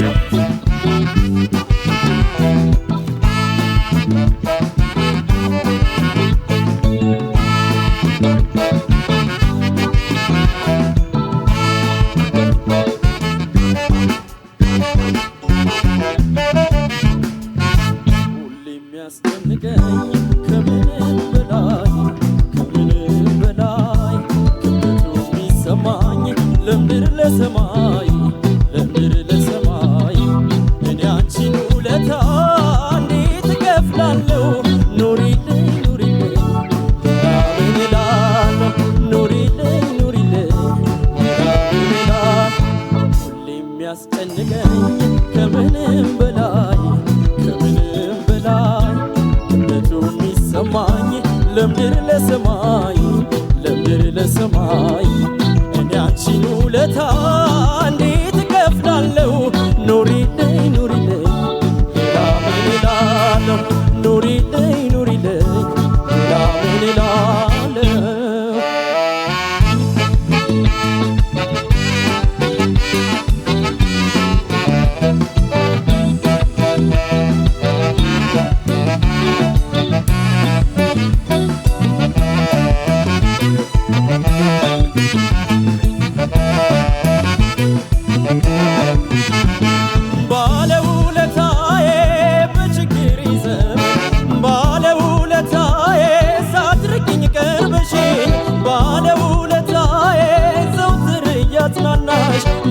Thank you. ከምንም በላይ ከምንም በላይ የሚሰማኝ ለምድር ለሰማይ ለምድር ለሰማይ እኔ አንቺን ውለታ እንዴት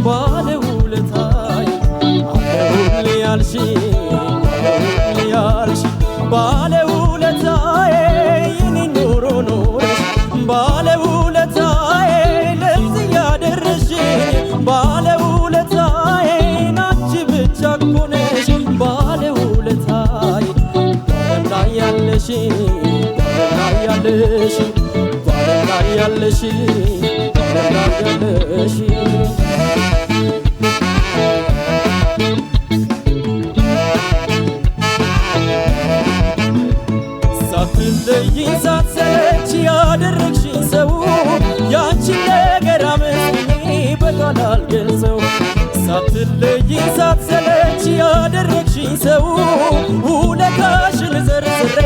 ባለውለታይ አለሁል ያልሽ ያልሽ ባለውለታዬ የኔ ኖሮ ኖረሽ ባለውለታዬ ለዚህ ያደረሽ ባለውለታዬ ናች ብቻ እኮ ባለ ባለውለታዬ ላይ ያለሽ ላይ ያለሽ ላይ ያለሽ ያለሽ እጅሽን ሳትሰጪ ያደረግሽኝ ሰው ያንቺን ነገር አመስግኜ በቃል አልገልጸው ሳትለይ ሳትሰለች ያደረግሽኝ ሰው ውለታሽን ዘርዝሬ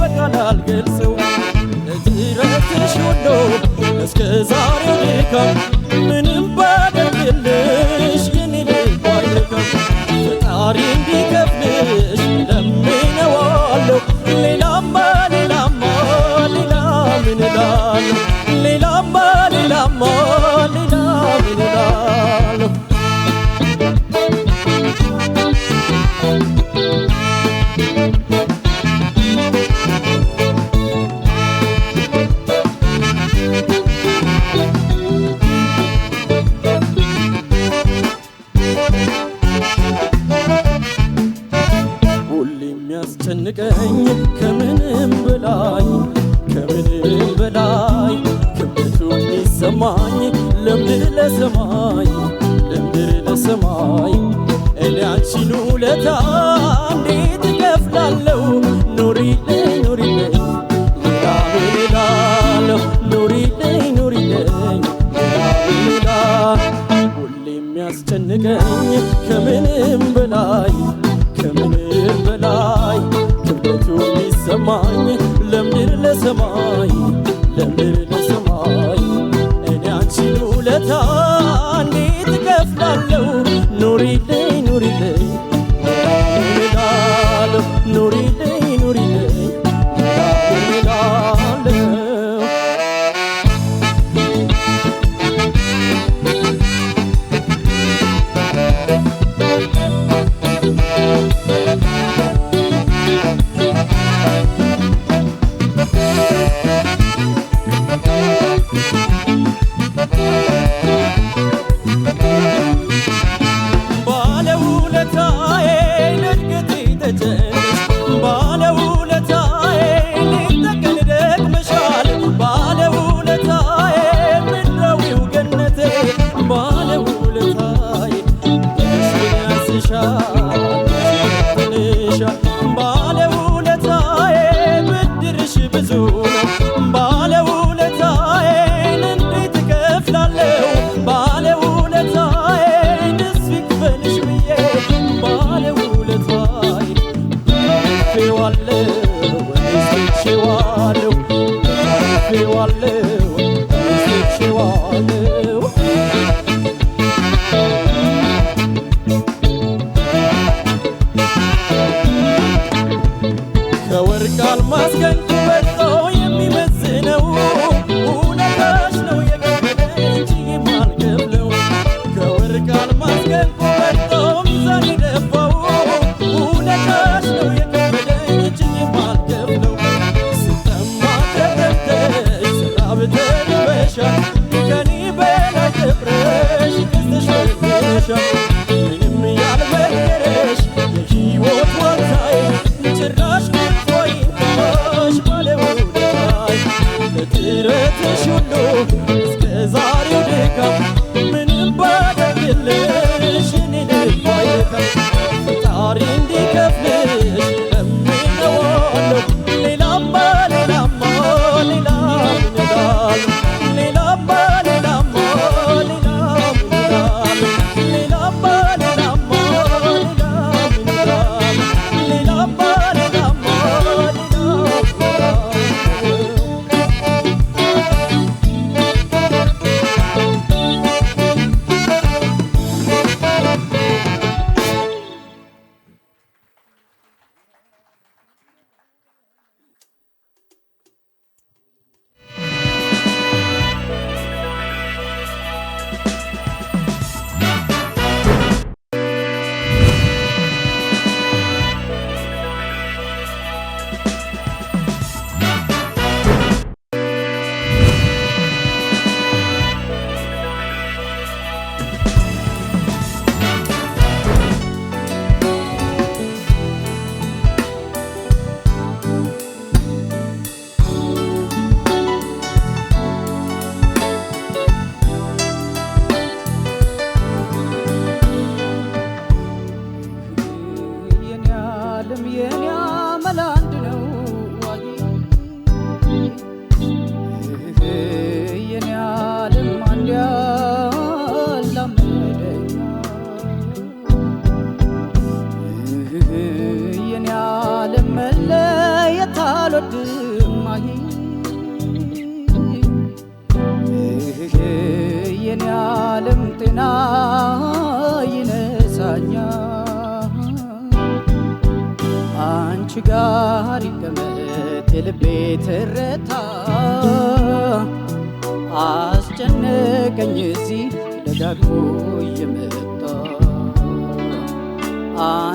በቃል አልገልጸው እግረትሽ ወዶ እስከ ዛሬው ድካም ምንም ባደርግልሽ የኔ ልብ አይረካም ፈጣሪ እንዲ oh. you.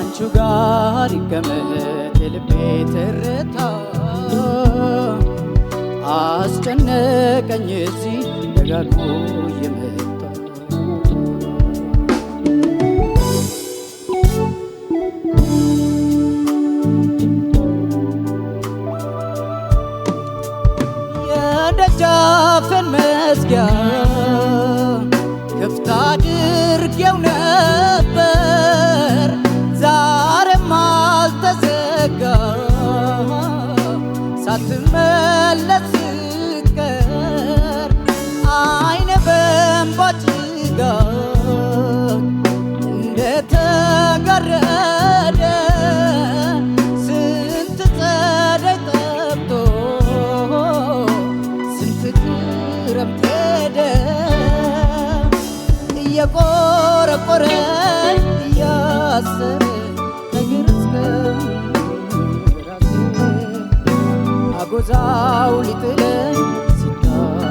ካንቹ ጋር ይቀመጥ የልቤ ትርታ፣ አስጨነቀኝ እዚህ ደጋግሞ የመጣ የደጃፍን መዝጊያ እዛው ሊጥለን ሲዳር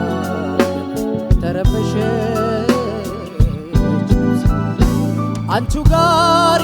ተረበሸች አንቹ ጋር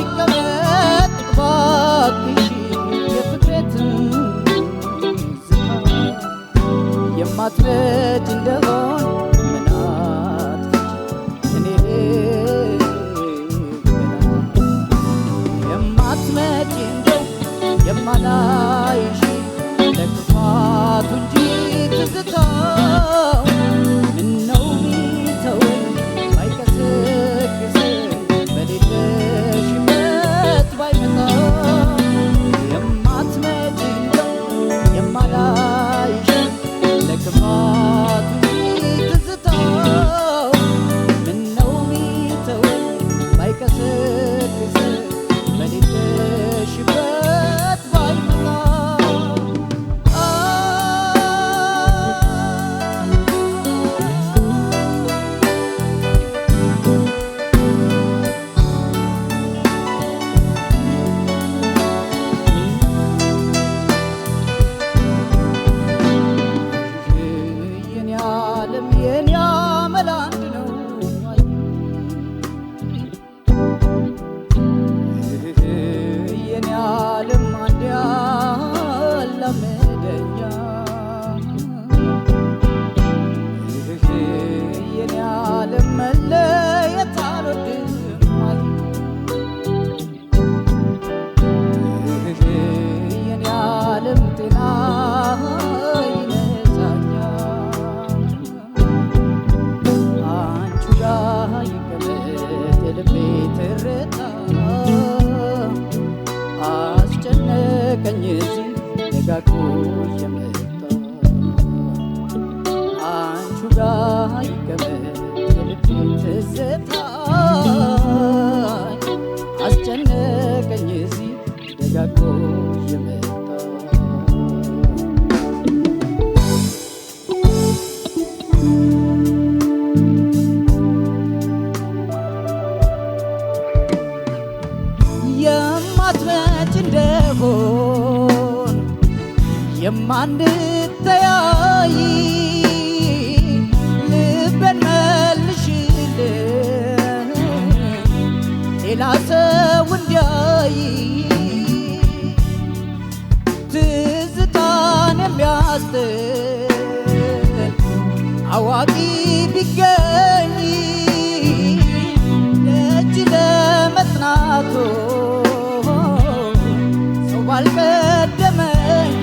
አልቀደመኝ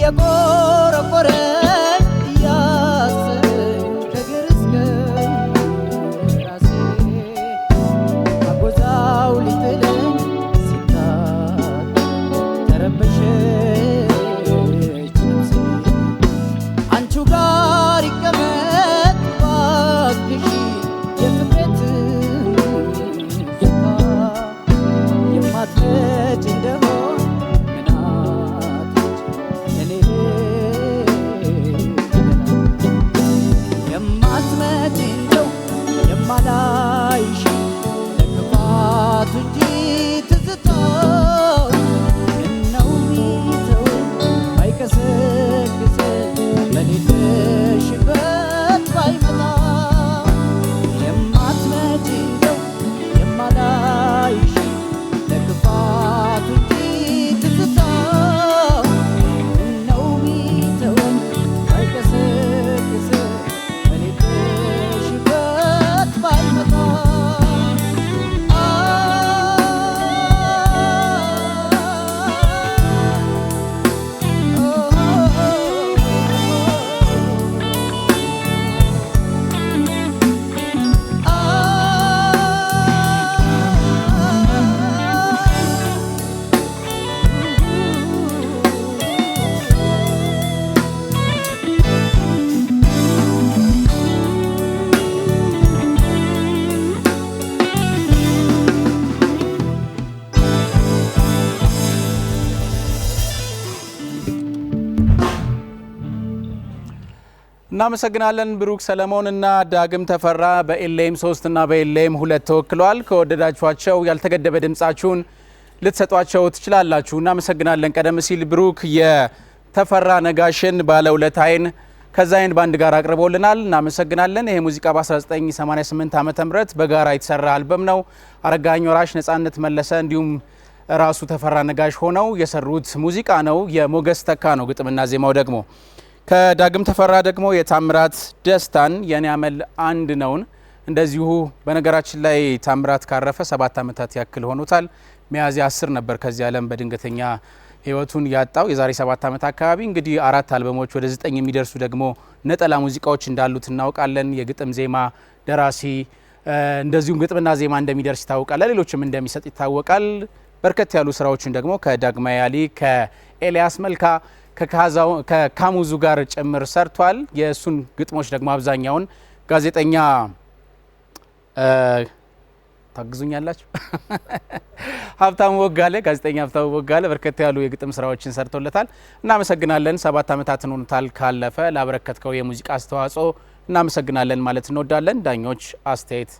የቆ እናመሰግናለን ብሩክ ሰለሞን እና ዳግም ተፈራ በኤልኤም 3 እና በኤልኤም 2 ተወክሏል ከወደዳችኋቸው ያልተገደበ ድምጻችሁን ልትሰጧቸው ትችላላችሁ። እናመሰግናለን። ቀደም ሲል ብሩክ የተፈራ ነጋሽን ባለ አይን ከዛ አይን ባንድ ጋር አቅርቦልናል። እናመሰግናለን። ይሄ ሙዚቃ በ1988 ዓ ም በጋራ የተሰራ አልበም ነው። አረጋኝ ወራሽ፣ ነጻነት መለሰ እንዲሁም ራሱ ተፈራ ነጋሽ ሆነው የሰሩት ሙዚቃ ነው። የሞገስ ተካ ነው ግጥምና ዜማው ደግሞ ከዳግም ተፈራ ደግሞ የታምራት ደስታን የኔ አመል አንድ ነውን እንደዚሁ በነገራችን ላይ ታምራት ካረፈ ሰባት ዓመታት ያክል ሆኖታል። ሚያዝያ አስር ነበር ከዚህ ዓለም በድንገተኛ ህይወቱን ያጣው የዛሬ ሰባት ዓመት አካባቢ። እንግዲህ አራት አልበሞች ወደ ዘጠኝ የሚደርሱ ደግሞ ነጠላ ሙዚቃዎች እንዳሉት እናውቃለን። የግጥም ዜማ ደራሲ እንደዚሁም ግጥምና ዜማ እንደሚደርስ ይታወቃል። ለሌሎችም እንደሚሰጥ ይታወቃል። በርከት ያሉ ስራዎችን ደግሞ ከዳግማዊ አሊ ከኤልያስ መልካ ከካሙዙ ጋር ጭምር ሰርቷል። የእሱን ግጥሞች ደግሞ አብዛኛውን ጋዜጠኛ ታግዙኛላችሁ ሀብታሙ ወጋለ ጋዜጠኛ ሀብታሙ ወጋለ በርከት ያሉ የግጥም ስራዎችን ሰርቶለታል። እናመሰግናለን። ሰባት ዓመታትን ሆኖታል ካለፈ ላበረከትከው የሙዚቃ አስተዋጽኦ እናመሰግናለን ማለት እንወዳለን። ዳኞች አስተያየት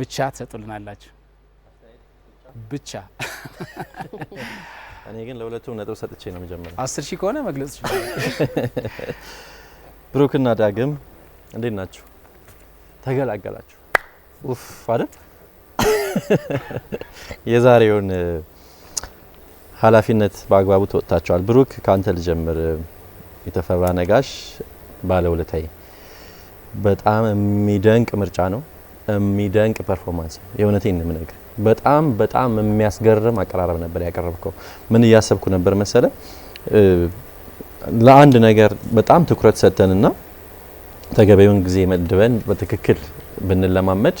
ብቻ ትሰጡልናላችሁ ብቻ እኔ ግን ለሁለቱም ነጥብ ሰጥቼ ነው መጀመሪያ። አስር ሺህ ከሆነ መግለጽ ይችላል። ብሩክና ዳግም እንዴት ናችሁ? ተገላገላችሁ። ኡፍ አይደል? የዛሬውን ኃላፊነት በአግባቡ ተወጥታችኋል። ብሩክ ካንተ ልጀምር። የተፈራ ነጋሽ ባለውለታዬ፣ በጣም የሚደንቅ ምርጫ ነው፣ የሚደንቅ ፐርፎርማንስ ነው። የእውነቴን የምነግር በጣም በጣም የሚያስገርም አቀራረብ ነበር ያቀረብከው። ምን እያሰብኩ ነበር መሰለ ለአንድ ነገር በጣም ትኩረት ሰጥተንና ተገቢውን ጊዜ መድበን በትክክል ብንለማመድ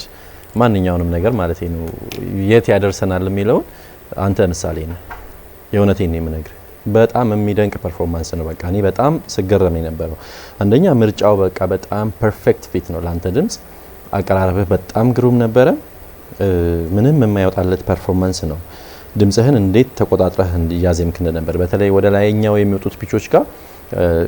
ማንኛውንም ነገር ማለት ነው የት ያደርሰናል የሚለውን አንተ ምሳሌ ነው። የእውነቴን ነው የምነግርህ። በጣም የሚደንቅ ፐርፎርማንስ ነው። በቃ እኔ በጣም ስገረም የነበረው አንደኛ ምርጫው በቃ በጣም ፐርፌክት ፊት ነው ለአንተ ድምጽ። አቀራረብህ በጣም ግሩም ነበረ። ምንም የማይወጣለት ፐርፎርማንስ ነው። ድምጽህን እንዴት ተቆጣጥረህ እያዜምክ እንደነበር በተለይ ወደ ላይኛው የሚወጡት ፒቾች ጋር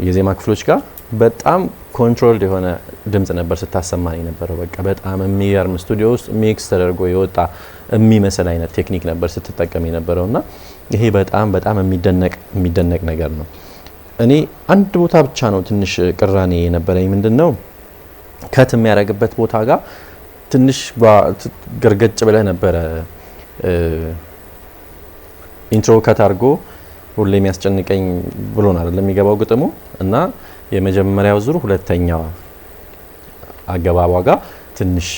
የዜማ ክፍሎች ጋር በጣም ኮንትሮልድ የሆነ ድምጽ ነበር ስታሰማ የነበረው። በቃ በጣም የሚገርም ስቱዲዮ ውስጥ ሚክስ ተደርጎ የወጣ የሚመስል አይነት ቴክኒክ ነበር ስትጠቀም የነበረው እና ይሄ በጣም በጣም የሚደነቅ የሚደነቅ ነገር ነው። እኔ አንድ ቦታ ብቻ ነው ትንሽ ቅራኔ የነበረኝ ምንድን ነው ከት የሚያደርግበት ቦታ ጋር ትንሽ ገርገጭ ብለህ ነበረ ኢንትሮ ከታርጎ ሁሌ የሚያስጨንቀኝ ብሎን አይደለም የሚገባው ግጥሙ እና የመጀመሪያው ዙር ሁለተኛው አገባቧ ጋር ትንሽ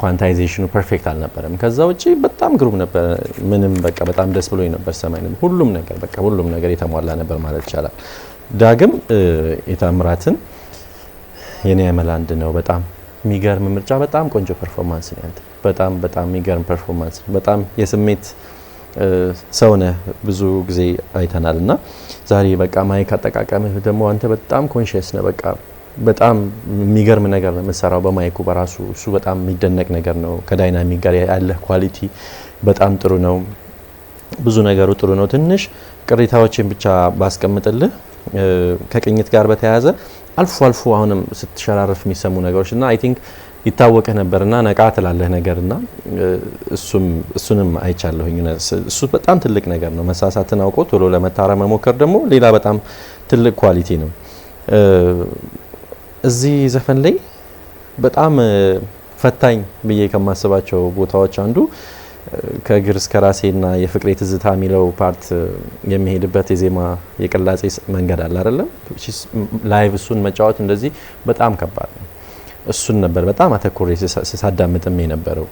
ኳንታይዜሽኑ ፐርፌክት አልነበረም። ከዛ ውጪ በጣም ግሩም ነበር። ምንም በቃ በጣም ደስ ብሎኝ ነበር። ሰማይ ሁሉም ነገር በቃ ሁሉም ነገር የተሟላ ነበር ማለት ይቻላል። ዳግም የታምራትን የኔ ያመላንድ ነው በጣም የሚገርም ምርጫ፣ በጣም ቆንጆ ፐርፎርማንስ ነው ያንተ። በጣም በጣም የሚገርም ፐርፎርማንስ፣ በጣም የስሜት ሰው ነህ። ብዙ ጊዜ አይተናል እና ዛሬ በቃ ማይክ አጠቃቀምህ ደግሞ አንተ በጣም ኮንሽስ ነህ። በቃ በጣም የሚገርም ነገር ነው የምትሰራው በማይኩ በራሱ እሱ በጣም የሚደነቅ ነገር ነው። ከዳይናሚክ ጋር ያለህ ኳሊቲ በጣም ጥሩ ነው። ብዙ ነገሩ ጥሩ ነው። ትንሽ ቅሬታዎችን ብቻ ባስቀምጥልህ ከቅኝት ጋር በተያያዘ አልፎ አልፎ አሁንም ስትሸራረፍ የሚሰሙ ነገሮች እና አይ ቲንክ ይታወቅህ ነበርና ነቃ ትላለህ ነገርና እሱንም አይቻለሁኝ። እሱ በጣም ትልቅ ነገር ነው። መሳሳትን አውቆ ቶሎ ለመታረም መሞከር ደግሞ ሌላ በጣም ትልቅ ኳሊቲ ነው። እዚህ ዘፈን ላይ በጣም ፈታኝ ብዬ ከማስባቸው ቦታዎች አንዱ ከእግር እስከ ራሴና የፍቅሬ ትዝታ የሚለው ፓርት የሚሄድበት የዜማ የቅላጼ መንገድ አለ አይደለም። ላይቭ እሱን መጫወት እንደዚህ በጣም ከባድ ነው። እሱን ነበር በጣም አተኩሬ ሳዳምጥም የነበረው።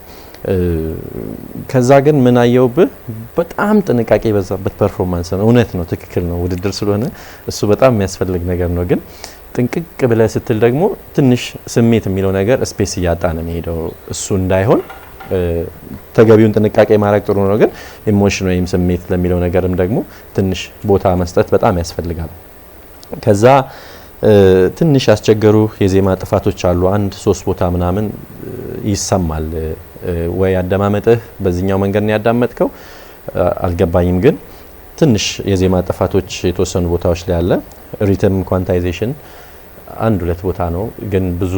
ከዛ ግን ምን አየውብህ በጣም ጥንቃቄ የበዛበት ፐርፎርማንስ ነው። እውነት ነው፣ ትክክል ነው። ውድድር ስለሆነ እሱ በጣም የሚያስፈልግ ነገር ነው። ግን ጥንቅቅ ብለህ ስትል ደግሞ ትንሽ ስሜት የሚለው ነገር ስፔስ እያጣ ነው የሚሄደው እሱ እንዳይሆን ተገቢውን ጥንቃቄ ማድረግ ጥሩ ነው። ግን ኢሞሽን ወይም ስሜት ለሚለው ነገርም ደግሞ ትንሽ ቦታ መስጠት በጣም ያስፈልጋል። ከዛ ትንሽ ያስቸገሩ የዜማ ጥፋቶች አሉ። አንድ ሶስት ቦታ ምናምን ይሰማል። ወይ አደማመጥህ በዚህኛው መንገድ ነው ያዳመጥከው አልገባኝም፣ ግን ትንሽ የዜማ ጥፋቶች የተወሰኑ ቦታዎች ላይ አለ። ሪትም ኳንታይዜሽን አንድ ሁለት ቦታ ነው፣ ግን ብዙ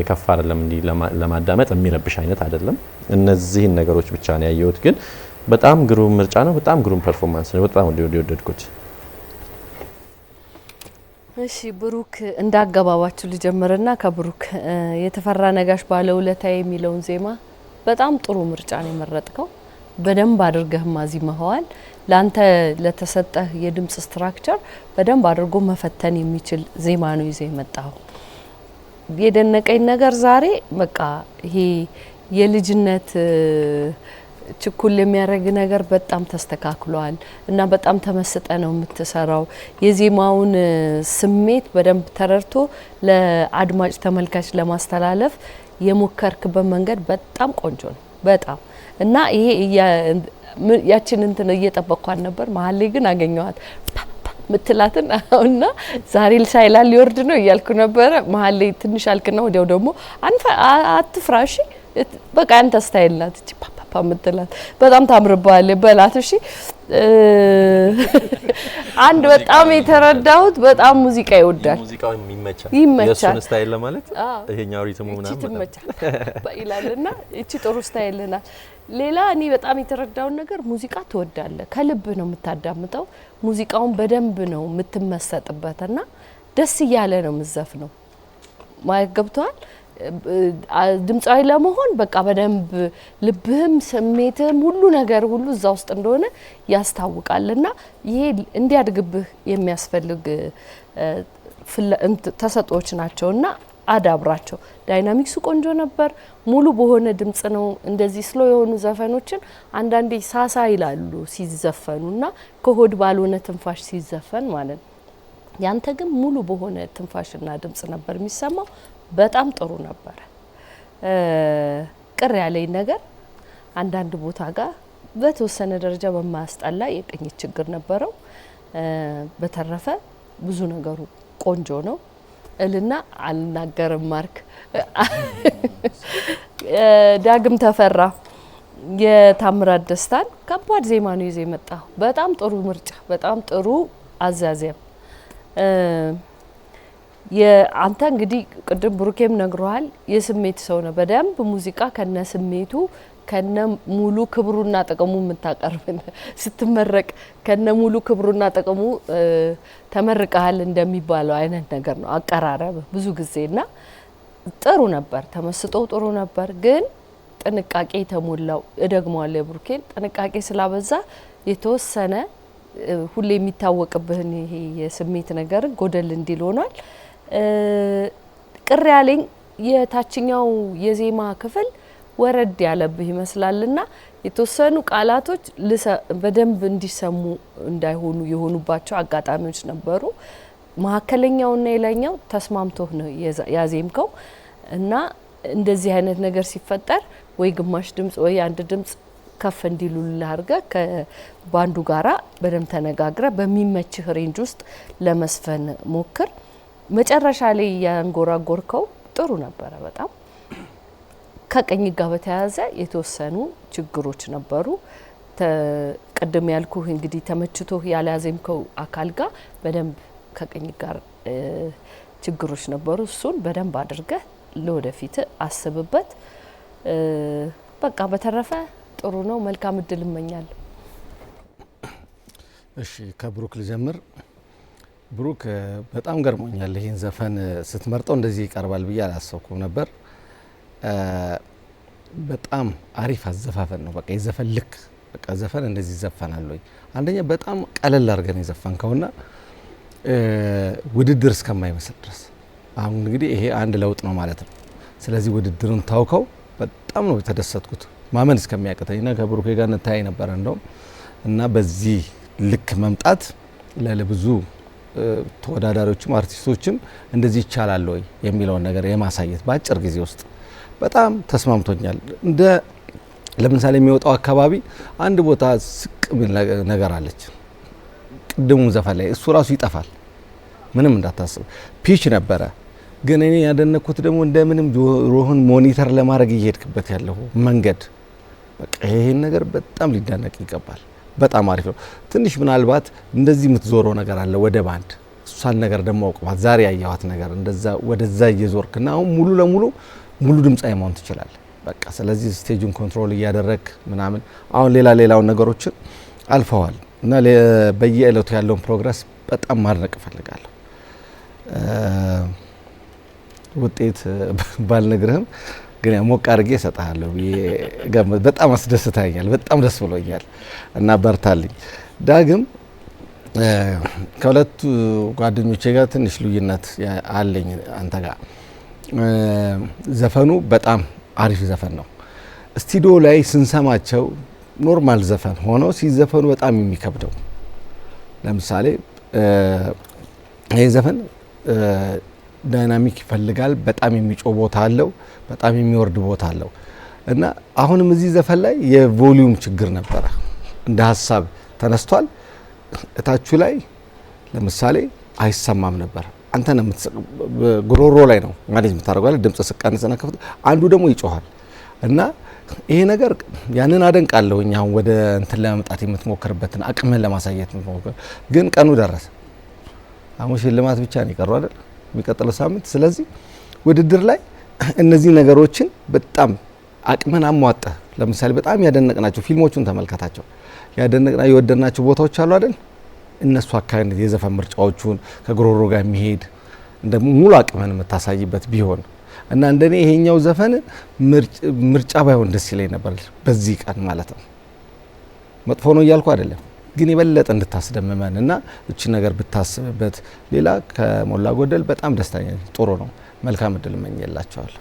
የከፋ አይደለም። እንዲህ ለማዳመጥ የሚረብሽ አይነት አይደለም። እነዚህን ነገሮች ብቻ ነው ያየሁት፣ ግን በጣም ግሩም ምርጫ ነው። በጣም ግሩም ፐርፎርማንስ ነው። በጣም ወደወደድኩት። እሺ ብሩክ፣ እንዳገባባችሁ ልጀምርና ከብሩክ የተፈራ ነጋሽ ባለውለታ የሚለውን ዜማ በጣም ጥሩ ምርጫ ነው የመረጥከው። በደንብ አድርገህ ማዚመኸዋል። ለአንተ ለተሰጠህ የድምፅ ስትራክቸር በደንብ አድርጎ መፈተን የሚችል ዜማ ነው ይዘ የመጣው። የደነቀኝ ነገር ዛሬ በቃ ይሄ የልጅነት ችኩል የሚያደርግ ነገር በጣም ተስተካክሏል እና በጣም ተመስጠ ነው የምትሰራው። የዜማውን ስሜት በደንብ ተረድቶ ለአድማጭ ተመልካች ለማስተላለፍ የሞከርክበት መንገድ በጣም ቆንጆ ነው። በጣም እና ይሄ ያችን እንትን እየጠበቅኳት ነበር። መሀል ላይ ግን አገኘዋት ምትላትን እና ዛሬ ሳይላል ሊወርድ ነው እያልኩ ነበረ። መሀል ላይ ትንሽ አልክና ወዲያው ደግሞ አትፍራሽ በቃ ያንተ ስታይል ናት እቺ ፓፓፓ ምትላት በጣም ታምርባል በላት። እሺ አንድ በጣም የተረዳሁት በጣም ሙዚቃ ይወዳል፣ ሙዚቃው ይመቻል፣ የእሱን ስታይል ለማለት ይሄኛው ሪትሙ ምናምን ይመቻል ይላልና እቺ ጥሩ ስታይል ናት። ሌላ እኔ በጣም የተረዳውን ነገር ሙዚቃ ትወዳለ ከልብ ነው የምታዳምጠው። ሙዚቃውን በደንብ ነው የምትመሰጥበት እና ደስ እያለ ነው የምዘፍነው። ማለት ገብተዋል። ድምፃዊ ለመሆን በቃ በደንብ ልብህም ስሜትህም ሁሉ ነገር ሁሉ እዛ ውስጥ እንደሆነ ያስታውቃል። እና ይሄ እንዲያድግብህ የሚያስፈልግ ተሰጦዎች ናቸው እና አዳብራቸው። ዳይናሚክሱ ቆንጆ ነበር። ሙሉ በሆነ ድምጽ ነው። እንደዚህ ስሎ የሆኑ ዘፈኖችን አንዳንዴ ሳሳ ይላሉ ሲዘፈኑ እና ከሆድ ባልሆነ ትንፋሽ ሲዘፈን ማለት ነው። ያንተ ግን ሙሉ በሆነ ትንፋሽና ድምጽ ነበር የሚሰማው። በጣም ጥሩ ነበረ። ቅር ያለኝ ነገር አንዳንድ ቦታ ጋር በተወሰነ ደረጃ በማያስጠላ የቅኝት ችግር ነበረው። በተረፈ ብዙ ነገሩ ቆንጆ ነው። እልና አልናገርም ማርክ ዳግም ተፈራ የታምራት ደስታን ከባድ ዜማ ነው ይዞ የመጣው። በጣም ጥሩ ምርጫ፣ በጣም ጥሩ አዛዜም። አንተ እንግዲህ ቅድም ብሩኬም ነግረዋል፣ የስሜት ሰው ነው። በደንብ ሙዚቃ ከነ ስሜቱ ከነ ሙሉ ክብሩና ጥቅሙ የምታቀርብን ስትመረቅ ከነ ሙሉ ክብሩና ጥቅሙ ተመርቀሃል እንደሚባለው አይነት ነገር ነው አቀራረብ ብዙ ጊዜና ጥሩ ነበር። ተመስጦ ጥሩ ነበር፣ ግን ጥንቃቄ የተሞላው እደግመዋለሁ፣ የብሩኬን ጥንቃቄ ስላበዛ የተወሰነ ሁሌ የሚታወቅብህን ይሄ የስሜት ነገር ጎደል እንዲል ሆኗል። ቅር ያለኝ የታችኛው የዜማ ክፍል ወረድ ያለብህ ይመስላልና የተወሰኑ ቃላቶች በደንብ እንዲሰሙ እንዳይሆኑ የሆኑባቸው አጋጣሚዎች ነበሩ። መካከለኛውና የላይኛው ተስማምቶህ ነው ያዜምከው እና እንደዚህ አይነት ነገር ሲፈጠር ወይ ግማሽ ድምጽ ወይ አንድ ድምጽ ከፍ እንዲሉልህ አድርገህ ከባንዱ ጋራ በደንብ ተነጋግረ በሚመችህ ሬንጅ ውስጥ ለመስፈን ሞክር። መጨረሻ ላይ ያንጎራጎርከው ጥሩ ነበረ በጣም ከቅኝ ጋር በተያያዘ የተወሰኑ ችግሮች ነበሩ። ቅድም ያልኩ እንግዲህ ተመችቶ ያልያዘምከው አካል ጋር በደንብ ከቅኝ ጋር ችግሮች ነበሩ። እሱን በደንብ አድርገህ ለወደፊት አስብበት። በቃ በተረፈ ጥሩ ነው። መልካም እድል እመኛለሁ። እሺ ከብሩክ ልጀምር። ብሩክ በጣም ገርሞኛል። ይህን ዘፈን ስትመርጠው እንደዚህ ይቀርባል ብዬ አላሰብኩም ነበር። በጣም አሪፍ አዘፋፈን ነው። በቃ የዘፈን ልክ በቃ ዘፈን እንደዚህ ይዘፈናል ወይ? አንደኛ በጣም ቀለል አድርገን የዘፈንከውና ውድድር እስከማይመስል ድረስ አሁን እንግዲህ ይሄ አንድ ለውጥ ነው ማለት ነው። ስለዚህ ውድድርን ታውከው በጣም ነው የተደሰትኩት ማመን እስከሚያቅተኝና ከብሩኬ ጋር እንታያይ ነበረ እንደውም እና በዚህ ልክ መምጣት ለብዙ ተወዳዳሪዎችም አርቲስቶችም እንደዚህ ይቻላል ወይ የሚለውን ነገር የማሳየት በአጭር ጊዜ ውስጥ በጣም ተስማምቶኛል። እንደ ለምሳሌ የሚወጣው አካባቢ አንድ ቦታ ስቅ ነገር አለች፣ ቅድሙ ዘፈን ላይ እሱ ራሱ ይጠፋል። ምንም እንዳታስብ ፒች ነበረ። ግን እኔ ያደነኩት ደግሞ እንደምንም ጆሮህን ሞኒተር ለማድረግ እየሄድክበት ያለው መንገድ በቃ ይሄን ነገር በጣም ሊደነቅ ይገባል። በጣም አሪፍ ነው። ትንሽ ምናልባት እንደዚህ የምትዞረው ነገር አለ ወደ ባንድ እሷን ነገር ደግሞ አውቅባት። ዛሬ ያየኋት ነገር እንደዛ ወደዛ እየዞርክና አሁን ሙሉ ለሙሉ ሙሉ ድምጻዊ መሆን ትችላለህ። በቃ ስለዚህ ስቴጅን ኮንትሮል እያደረግ ምናምን አሁን ሌላ ሌላውን ነገሮችን አልፈዋል እና በየእለቱ ያለውን ፕሮግረስ በጣም ማድነቅ እፈልጋለሁ። ውጤት ባልነግርህም ግን ሞቅ አድርጌ እሰጥሃለሁ። በጣም አስደስታኛል። በጣም ደስ ብሎኛል እና በርታልኝ። ዳግም ከሁለቱ ጓደኞቼ ጋር ትንሽ ልዩነት አለኝ አንተ ጋር ዘፈኑ በጣም አሪፍ ዘፈን ነው። ስቱዲዮ ላይ ስንሰማቸው ኖርማል ዘፈን ሆነው ሲዘፈኑ በጣም የሚከብደው ለምሳሌ ይህ ዘፈን ዳይናሚክ ይፈልጋል። በጣም የሚጮ ቦታ አለው፣ በጣም የሚወርድ ቦታ አለው እና አሁንም እዚህ ዘፈን ላይ የቮሊዩም ችግር ነበረ። እንደ ሀሳብ ተነስቷል። እታቹ ላይ ለምሳሌ አይሰማም ነበር። አንተ ነው ጉሮሮ ላይ ነው ማለት የምታደርገው ድምጽ ስቀንስና ከፍት አንዱ ደግሞ ይጮኋል እና ይሄ ነገር ያንን አደንቃለሁ። አሁን ወደ እንትን ለመምጣት የምትሞክርበትን አቅምን ለማሳየት የምትሞክር ግን ቀኑ ደረሰ። አሁን ሽልማት ብቻ ነው የቀሩ አይደል የሚቀጥለው ሳምንት። ስለዚህ ውድድር ላይ እነዚህ ነገሮችን በጣም አቅምን አሟጠ። ለምሳሌ በጣም ያደነቅናቸው ፊልሞቹን ተመልከታቸው። ያደነቅና የወደድናቸው ቦታዎች አሉ አይደል እነሱ አካባቢ የዘፈን ምርጫዎቹን ከጉሮሮ ጋር የሚሄድ እንደ ሙሉ አቅመን የምታሳይበት ቢሆን እና እንደኔ ይሄኛው ዘፈን ምርጫ ባይሆን ደስ ይለኝ ነበር። በዚህ ቀን ማለት ነው። መጥፎ ነው እያልኩ አይደለም፣ ግን የበለጠ እንድታስደምመን እና እቺ ነገር ብታስብበት። ሌላ ከሞላ ጎደል በጣም ደስተኛ ጥሩ ነው። መልካም እድል እመኝላቸዋለሁ።